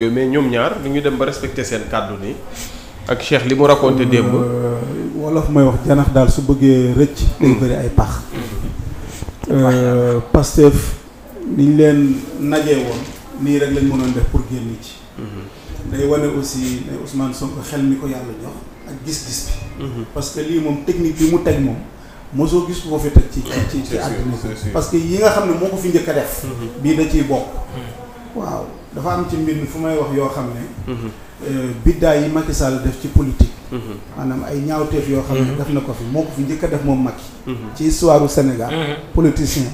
mais ñoom ñaar li ñu dem ba respecté seen kàddu ni ak Cheikh li mu raconté démb. Euh, wolof may wax janax daal su bëggee rëcc. day bëri ay pax. Euh, Pastef ni ñu leen najee woon nii rek lañ mënoon def pour génn ci. day wane aussi ne Ousmane Sonko xel mi ko yàlla jox ak gis-gis bi. parce que lii moom technique bi mu teg moom mosoo gis ko fi teg ci ci ci àdduna parce que yi nga xam ne moo ko fi njëkk a def. Mhm. bii da ciy bokk mhm. waaw. dafa am ci mbir fu may wax yoo xam ne. Mhm. Euh, biddaa yi Macky Sall def ci politique. Mhm. maanaam ay ñaawteef yoo xam ne mhm. def na ko fi moo ko fi njëkk a def moom Macky. ci histoire u Sénégal. politicien.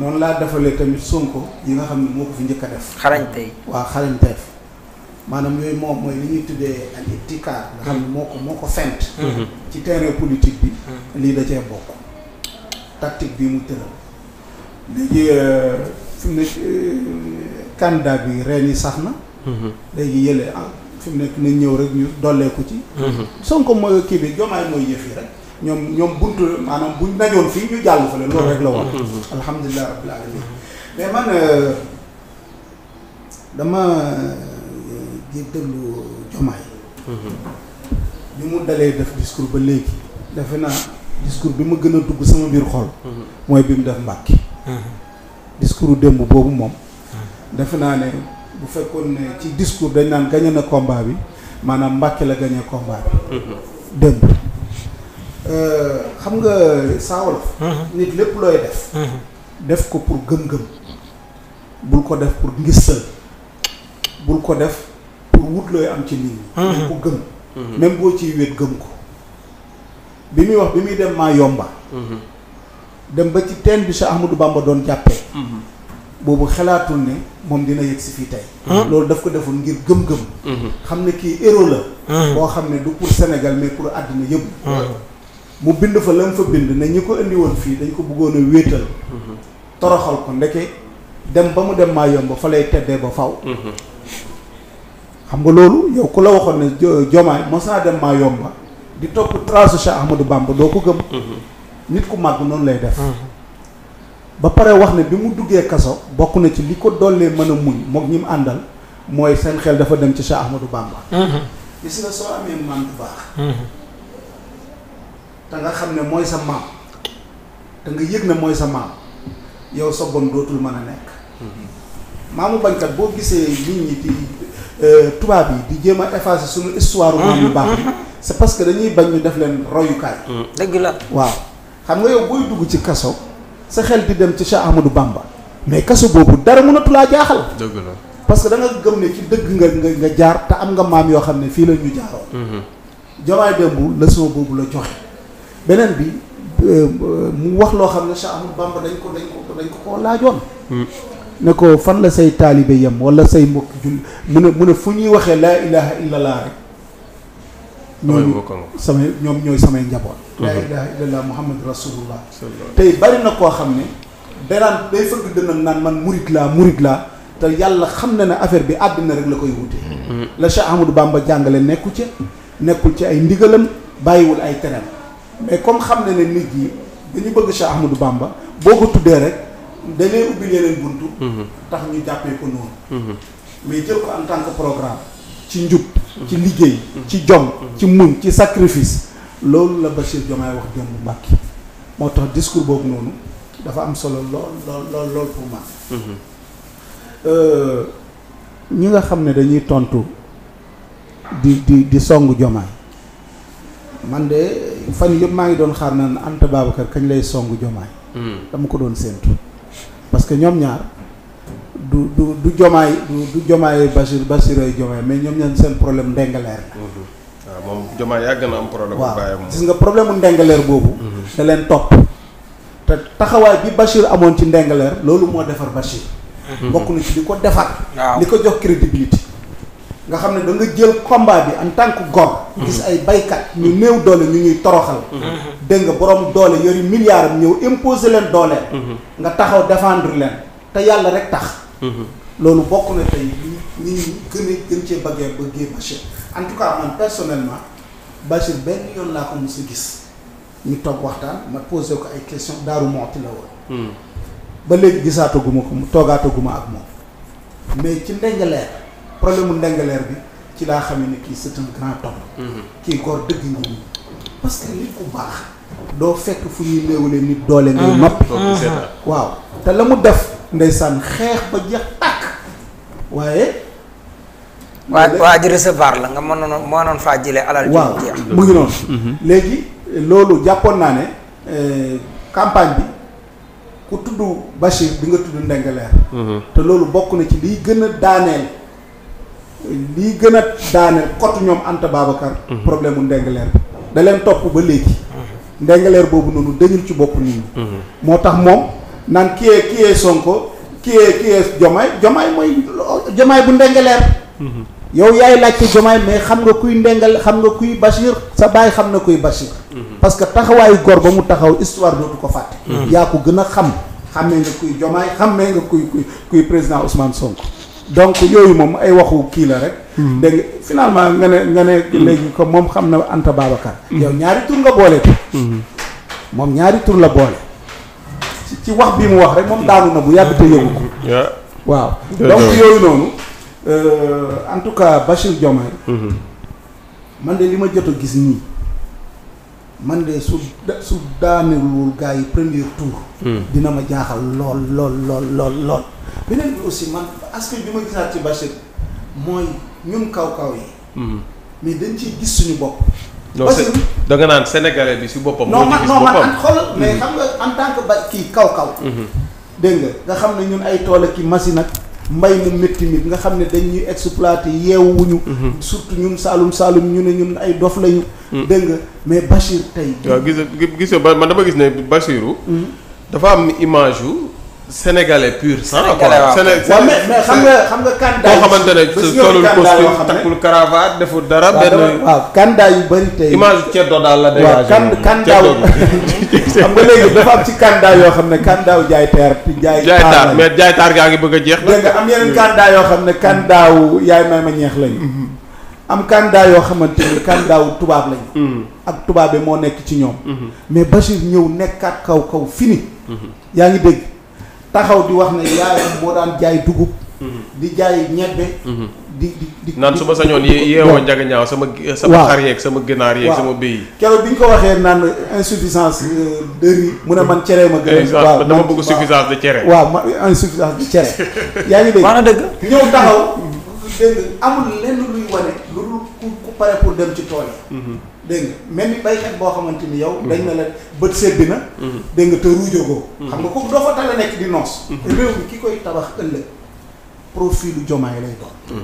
noonu laa defalee tamit Sonko yi nga xam ne moo ko fi njëkk a def. xarañteef waa xarañteef. maanaam yooyu moom mooy li ñuy tuddee al itikaar nga xam ne moo ko moo ko fent ci terrain politique bi lii da cee bokk tactique bi mu tëral léegi euh, candidat bi reen yi sax na. Mhm. léegi yële ah fi nekk ni ñëw rek ñu dolleeku ci. Mhm. Sonko mooy kii bi jomaay mooy yëf yi rek ñoom ñoom buntu maanaam buñ najoon fii ñu jàll fa loolu rek la woon. Mhm. alhamdulilah rabbil alamin mais man euh, euh, di déglu jomaay. bi mu dalee def discours ba léegi defe naa discours bi ma gën a dugg sama biir xol. mooy bi mu def Mbàkke. discours démb boobu moom. defe naa ne bu fekkoon ne ci discours dañ naan gagné na combat bi maanaam Mbàkke la gagné combat bi. Mhm. démb. Euh, xam nga Saa mhm. nit lépp looy def. Mhm. def ko pour gëm-gëm. bul ko def pour ngistal. bul ko def pour wut looy am ci nii ñi. ko gëm. même boo ciy wéet gëm ko. bi muy wax bi muy dem maa yomba. dem ba ci teen bi Cheikh Ahmadou Bamba doon jàppee. boobu xalaatul ne moom dina yegg si fii tey. Hmm. loolu daf ko defoon ngir gëm-gëm. Hmm. xam ne kii héros la. Hmm. boo xam ne du pour Sénégal mais pour àddina yëpp. mu bind fa la fa bind ne ñi ko indi woon fii dañ ko bëggoon a wéetal. toroxal ko ndeke dem ba mu dem maa yomb fa lay teddee ba faw xam nga loolu yow ku la waxoon ne jomaay mos naa dem maa yomba di topp trace Cheikh Ahmadou doo ko gëm. nit ku màgg noonu lay def. ba pare wax ne bi mu duggee kaso bokk na ci li ko dollee mën a muñ moog ñi mu àndal mooy seen xel dafa dem ci Cheikh Ahmadou Bamba. Mhm. gis nga soo amee maam bu baax. Mhm. te nga xam ne mooy sa maam te nga yëg ne mooy sa maam yow sa bon dootul mën a nekk. Mhm. maamu bañkat boo gisee nit ñi di euh, tubaab yi di jéem a effacer suñu histoire. maam yu baax yi c'est parce que dañuy bañ ñu def leen royukaay. dëgg waaw xam nga yow booy dugg ci kaso. sa xel di dem ci Cheikh Ahmadou Bamba mais kaso boobu dara mënatu laa jaaxal. dëgg la parce que da gëm ne ci dëgg nga nga nga jaar te am nga maam yoo xam ne fii la ñu jaaroon. Mhm. jamaay démb leçon boobu la joxe beneen bi euh, mu wax loo xam ne Cheikh Ahmadou Bamba dañ ko dañ ko ko koo laajoon. Mhm. ne ko fan la say taalibe yem wala say mbokk jul mu ne mu ne fu ñuy waxee laa ilaha illallah rek. ñooñu samay ñoom ñooy samay njaboot laa ilaha illallah muhammad rasulullah tey bari na koo xam ne danaan day fëgg dënam naan man murit laa murit laa te yàlla xam na ne affaire bi àddina rek la koy wute hmm. la Cheikh Ahmadou Bamba jàngale nekku ci nekkul ci ay ndigalam bàyyiwul ay teram mais comme xam na ne nit yi dañu bëgg Cheikh Ahmadou Bamba boo ko tuddee rek da lay ubbi yeneen buntu hmm. tax ñu jàppee ko noonu hmm. mais jël ko en tant que programme ci njub ci liggéey ci jom ci muñ ci sacrifice loolu la Bachir Diomaye wax démb Mbàkke moo tax discours boobu noonu dafa am solo lool lool lool lool pour man mhm. euh, ñi nga xam ne dañuy tontu di di di songu Diomaye man de fan yëpp maa ngi doon xaar naan Anta kër kañ lay songu Diomaye hmm. dama ko doon séentu parce que ñoom ñaar du du du jomaay du du jomaay Bassirou Bassirou jomaay mais ñoom ñan seen problème ndengaleer la. Mhm. Ah, waaw moom jomaay yàgg na am problème. waaw gis nga problème mu ndengaleer boobu. Mhm. da leen topp. te taxawaay bi Bassirou amoon ci ndengaleer loolu moo defar Bassirou. mbokk mhm. na ci li ko defar. li ko jox crédibilité. nga xam ne da nga jël komba bi en tant que gis ay baykat ñu new doole ñu ñuy toroxal. dégg nga borom doole yori milliards am ñëw imposer leen doole. nga taxaw défendre loolu bokk na tey nit ñi gën a gën cee bëggee bëggee Bachir en tout cas man personnellement Bachir benn yoon laa ko mos a gis ñu toog waxtaan ma posé ko ay question daaru mooti la woon hmm. ba léegi gisaataguma ko mu toogaataguma ak moom mais ci ndengaleer problème mu ndengaleer bi ci laa xam ne kii c'est un grand homme hmm. kii góor dëgg ngi nii parce que nit ku baax doo fekk fu ñuy néewale nit doole ngay ah. noppi waaw te la mu def ndeysaan xeex ba jeex tàkk waaye. waa waa ji recevoir la nga mënoon mënoon faa jëlee alal. waaw mu ngi noonu. Mhm. Mhm. léegi loolu jàppoon naa ne euh, campagne bi ku tudd Bachir di nga tudd Ndingler. Mhm. te loolu bokk na ci liy gën a daaneel liy gën a daaneel kottu ñoom Anta Babacar. problème mu Ndingler leen topp ba léegi. Ndingler boobu noonu dañul ci bopp nit moo tax moom. naan qui est qui est Sonko qui est qui est Diomaye Diomaye mooy Diomaye bu ndengaleer mhm. yow yaay laajte Diomaye mais xam nga kuy ndengal xam nga kuy Bachir sa baay xam na kuy Bachir mhm. parce que taxawaayu góor ba mu taxaw histoire dootu ko fàtte mhm. yaa ko gën a xam xammee nga kuy Diomaye xammee nga kuy kuy président Ousmane Sonko donc yooyu moom ay waxu kii la rek dégg nga nga ne léegi ko moom xam na Anta Babacar yow ñaari tur nga boole moom ñaari tur la boole ci wax bi mu wax rek moom daanu na bu yàgg te yëgu ko waaw donc yooyu noonu euh, en tout cas Bachir Diomaye mm-hmm. man de li ma jot a gis nii man de su su daanewul gars yi premier tour mm. dina ma jaaxal lool lool lool lool lool beneen bi aussi man aspect bi ma gisaat ci Bachir mooy ñun kaw kaw yi mm-hmm. mais dañ ci gis suñu bopp parce que da nga naan sénégalais bi si boppam. moo ci gis man man xoolal mais mhm. xam nga en tant que ba kii kaw kaw. Mhm. dégg nga nga xam ne ñun ay tool ak i machine ak mbay mu métti mi nga xam ne dañuy exploité yeewuñu. Mhm. surtout ñun Saalum Saalum ñu ne ñun ay dof lañu. dégg nga mais Bachir tey. waaw gis gis man dama gis ne Bachiru. dafa am image yu. sénégalais pur sang quoi waaw mais mais xam nga xam nga candidat boo xamante ne solul costume takkul cravate dara benn waaw yu bëri tey image ceddo daal la dégagé candidat xam nga léegi dafa am ci candidat yoo xam ne candidat wu jaay teer jaay jaay taar mais jaay taar gaa ngi bëgg a jeex la nga am yeneen candidat yoo xam ne candidat wu yaay may ma ñeex lañu mm-hmm. am candidat yoo xamante ni candidat tubaab lañu mm-hmm. ak tubaab bi moo nekk ci ñoom mm-hmm. mais Bachir ñëw nekkaat kaw kaw fini yaa ngi dégg taxaw di wax na yaayam moo daan jaay dugub. Mhm. di jaay ñebbe. Mhm. di di di naan su ma sañoon yeewoo njaga ñaaw sama. sama xar yeeg sama ginaar yeeg sama béy yi. keroog bi ñu ko waxee naan insuffisance euh, de riz. mu ne man cere ma gën a. waaw dama bëgg suffisance de cere. waa ma insuffisance de cere. yaa ngi dégg wax dëgg. ñëw taxaw dégg amul. ku pare pour dem ci tool yi. Mhm. dégg nga même baykat boo xamante ni yow. Mhm. dañ na la bët seddi na. Mhm. dégg nga te ruujogoo. xam nga kooku doo fa tala nekk di noos. réew mi ki koy tabax ëllëg profilu jomaay lay doon.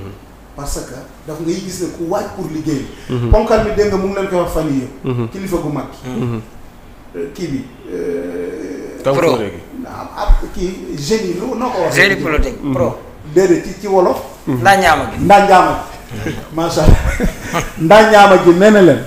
parce que daf nga gis ne ku waaj pour liggéey. ponkal mi dégg nga mu ngi leen koy wax fan yii kilifa gu mag. Euh, kii bi. Euh, pro ab ah, ah, kii génie lu noo ko wax. génie politique pro. déedéet ci ci wolof. ndaa njaama gi ndaa njaama macha allah ndaa ñaama ji nee na leen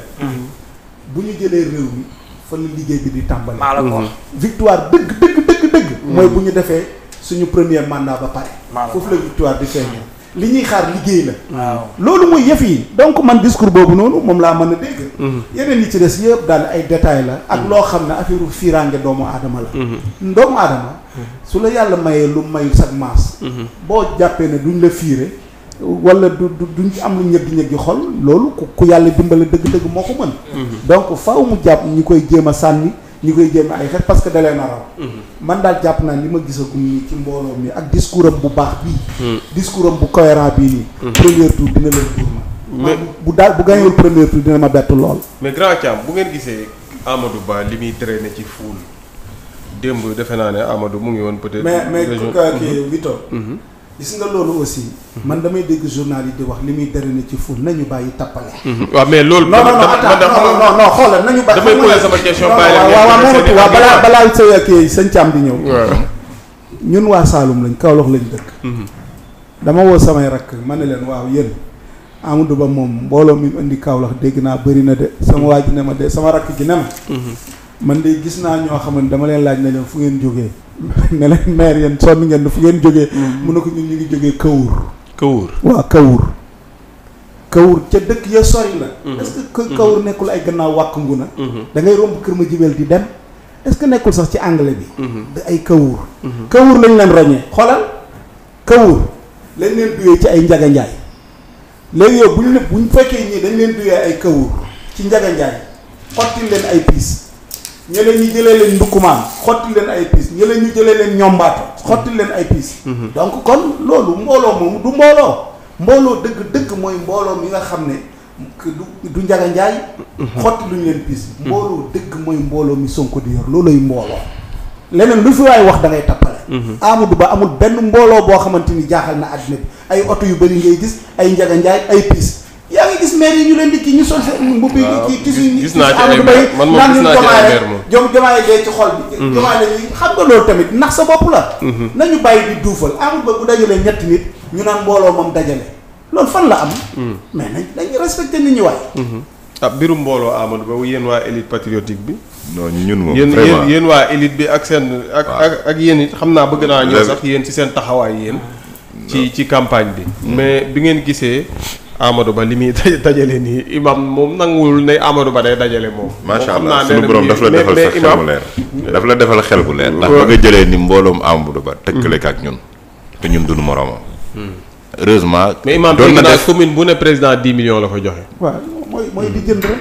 bu ñu jëlee réew mi fa la liggéey bi di tàmbali mhm. victoire dëgg dëgg dëgg dëgg mhm. mooy bu ñu defee suñu premier mandat ba pare foofu la victoire di feeñee mhm. li ñuy xaar liggéey la loolu mooy yëf yi donc man discours boobu noonu moom laa mën a dégg yeneen yi ci des yëpp daal ay détails la ak loo xam ne affaire fiiraange doomu aadama la doomu aadama su la yàlla mayee lu mayu sag maas boo jàppee ne duñ la fiire wala du duñ ci am lu ñëgg ñëgg xol loolu ku yàlla dimbale dëgg-dëgg moo ko mën mhm. donc faaw mu jàpp ñu koy jéem a sànni ñu koy jéem ay xeet parce que dalee na raw mhm. man daal jàpp naa li ma gisagum nii ci mbooloo mi ak discours am bu baax bii mhm. discours am bu cohérent bii nii premier tour dina leen tourna bu daal bu gañewul premier tour dina ma bett lool mais grand Thiam bu ngeen gisee Amadou Ba li muy traîné ci foule démb defe naa ne Amadou mu ngi woon peut-être mais mais gis nga loolu aussi. man damay dégg journal yi di wax li muy déréglu ci ful nañu bàyyi tappale. Mhm. waaw mais loolu. non non non non non xoolal nañu bàyyi. damay posé sama question bàyyi la waaw waaw balaa balaa sa kii sëñ Thiam di ñëw. ñun waa Saalum lañ Kaolack lañ dëkk. Mhm. dama woo samay rakk ma ne leen waaw yéen Amadou Ba moom mbooloo mi indi Kaolack dégg naa bëri na de sama waa ji ne ma de sama rakk ji ne ma. Mhm. man de gis naa ñoo xamante dama leen laaj ne leen fu ngeen jógee ne leen maire yéen ngeen fu ngeen jógee mm-hmm. mun na ko ñu ngi jógee kawur kawur waaw kawur kawur ca dëkk ya sori la mm-hmm. est-ce que kawur mm-hmm. nekkul ay gannaaw wàkk nguna da ngay romb kër ma jibel di dem est-ce que nekkul sax ci anglais bi da ay kawur kawur lañ leen roñee xoolal kawur lañ leen duyee ci ay njaga njaay léegi yow buñ bu ñu fekkee ñii dañ leen duyee ay kawur ci njaga njaay xottil leen ay piis ñeneen ñi jëlee leen ndukkumaan xotti leen ay piis ñeneen ñu jëlee leen ñombaato xotti mm-hmm. leen ay piis mm-hmm. donc kon loolu mbooloo moom du mbooloo mbooloo dëgg dëgg mooy mbooloo mi nga xam ne du du njaga njaay mm-hmm. xotti lu ñu leen piis mbooloo dëgg mooy mbooloo mi Sonko di yor looloy mbooloo leneen lu fi waay wax dangay ngay tappale Amadou Ba amul benn mbooloo boo xamante ni jaaxal na àddina bi ay oto yu bëri ngay gis ay njaga njaay ay piis gis maire yi ñu leen di kii ñu sol seen ah, mbubb yi kii kisi gis naa ci ay maire man moom gis naa ci ay maire moom jom jomaay dee ci xol bi jomaay la xam nga loolu tamit nax sa bopp la mhm. nañu bàyyi di duufal amul ba bu dajalee ñetti nit ñu naan mbooloo moom dajale loolu fan la am mhm. mais nañ dañuy respecté nit ñi waay mhm. ah mbirum mbooloo Amadou Ba yéen waa élite patriotique bi non ñun moom yéen yéen waa élite bi ak seen ak ak ak yéen it xam naa bëgg naa ñëw sax yéen ci seen taxawaay yéen ci ci campagne bi mm. mais bi ngeen gisee Amadou Ba li muy dajale nii imam moom nanguwul ne Amadou Ba day dajale moom. macha allah sunu borom daf la defal sa xel bu leer daf la defal xel bu leer. ndax ba nga jëlee ni mbooloom Amadou Ba. tëkkale ko ak ñun te ñun duñu moroomam. Hmm. heureusement. doon na def mais imam commune bu ne président 10 millions la ko joxe.